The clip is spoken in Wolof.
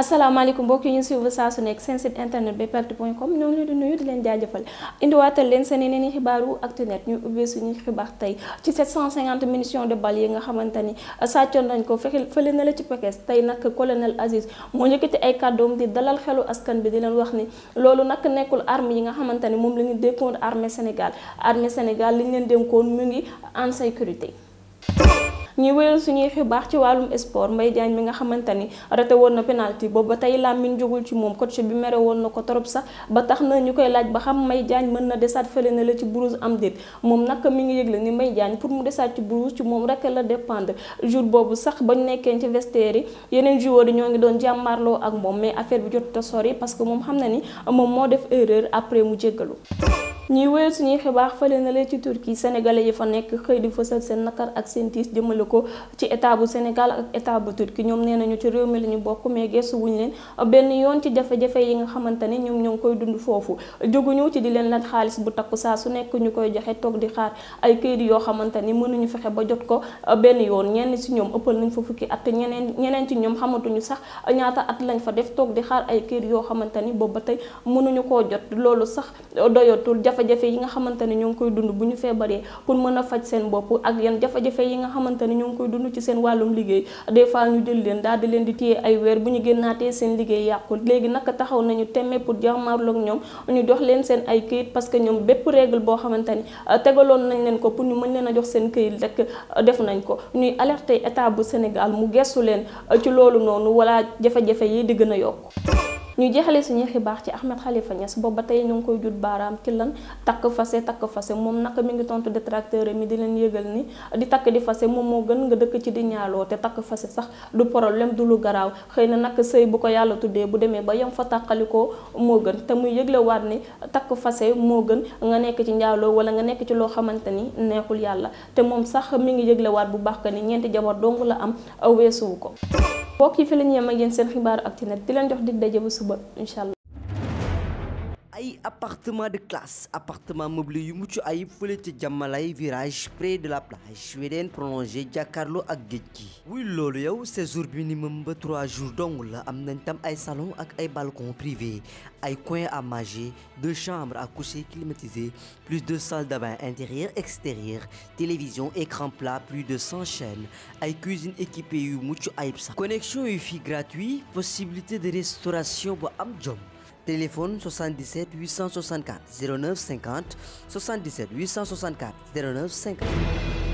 asalaamaaleykum mbokk yi ñu suivre saa su nekk seen site internet bpactu.com ñoo ngi leen di nuyu di leen jaajëfal indiwaatal leen seen yeneen i xibaaru Actunet ñu ubbee suñu xibaar tey ci 750 munitions de balle yi nga xamante ni sàccoon nañ ko fexe fële na la ci Pekes tey nag colonel Aziz moo njëkkati ay kàddoom di dalal xelu askan bi di leen wax ni loolu nag nekkul arme yi nga xamante ni moom la ñu dénkoon armée Sénégal armée Sénégal li ñu leen dénkoon mu ngi en sécurité. ñuy wéyal suñuy xibaax ci wàllum sport Mbaye Diagne mi nga xamante ni raté woon na penalty boobu tey Lamine jógul ci moom coach bi mere woon na ko torop sax ba tax na ñu koy laaj ba xam Mbaye Diagne mën na desaat fële na la ci Bruges am déet moom nag mi ngi yëgle ni Mbaye Diagne pour mu desaat ci Bruges ci moom rek la dépendre jour boobu sax bañ nekkee ci vestiaire yi yeneen joueurs yi ñoo ngi doon jàmmaarloo ak moom mais affaire bi jot a sori que moom xam na ni moom moo def erreur après mu jéggalu ñuy wéyal suñuy xibaar fële na lee ci Turquie sénégalais yi fa nekk xëy di fësal seen nakar ak seen tiis jëmale ko ci état bu Sénégal ak état bu Turquie ñoom nee nañu ci réew mi la ñu bokk mais gëstu wuñ leen benn yoon ci jafe-jafe yi nga xamante ne ñoom ñoo ngi koy dund foofu jóguñu ci di leen laaj xaalis bu takk saa su nekk ñu koy joxe toog di xaar ay kayit yoo xamante ni mënuñu fexe ba jot ko benn yoon ñenn ci ñoom ëppal nañ fa fukki at ñeneen ñeneen ci ñoom xamatuñu sax ñaata at lañ fa def toog di xaar ay kayit yoo xamante ni boobu ba tey mënuñu koo jot loolu sax jafe-jafe yi nga xamante ne ñoo ngi koy dund bu ñu feebaree pour mën a faj seen bopp ak yan jafe yi nga xamante ne ñoo ngi koy dund ci seen wàllum liggéey des fois ñu jël leen daal di leen di téye ay weer bu ñu génnaatee seen liggéey yàqul léegi naka taxaw nañu temme pour jàmmaarloog ñoom ñu jox leen seen ay këyit parce que ñoom bépp règle boo xamante ni euh, tegaloon nañ leen ko pour ñu mën leen a jox seen këyit rek euh, def nañ ko ñuy alerter état bu Sénégal mu gestu leen euh, ci loolu noonu wala jafe-jafe yi di gën a yokk ñu jeexale suñu baax ci Ahmed Khalifa Niass boobu ba tey ñu ngi koy jut baaraam ci lan takk fase takk fase moom naka mi ngi tontu détracteur mi di leen yëgal ni di takk di fase moom moo gën nga dëkk ci di ñaaloo te takk fase sax du problème du lu garaaw xëy na nag sëy bu ko yàlla tuddee bu demee ba yem fa tàqalikoo moo gën te muy yëgle waat ni takk moo gën nga nekk ci njaaloo wala nga nekk ci loo xamante ni neexul yàlla te moom sax mi ngi yëgle bu baax que ni ñeenti jabar dong la am weesuwu ko mbokk yi fi la ñu yem ak yéen seen xibaaru Actu Net di leen jox dig daje ba suba incha allah. ay appartement de classe appartement meublé yu mucc ay fële ca jàmmalay virage près de la plage wedeen prolongé jàkkaarloo ak géej gi wuy loolu yow séjour bi minimum ba trois jours dong la am nañ tam ay salon ak ay balcon privé ay coin à manger deux chambres à coucher climatisées plus de salle de bain intérieure extérieure télévision écran plat plus de cent chaînes ay cuisine équipée yu mucc ayib sax connexion yu fi gratuit possibilité de restauration bu am jom téléphone 77 864 09 50 77 864 09 50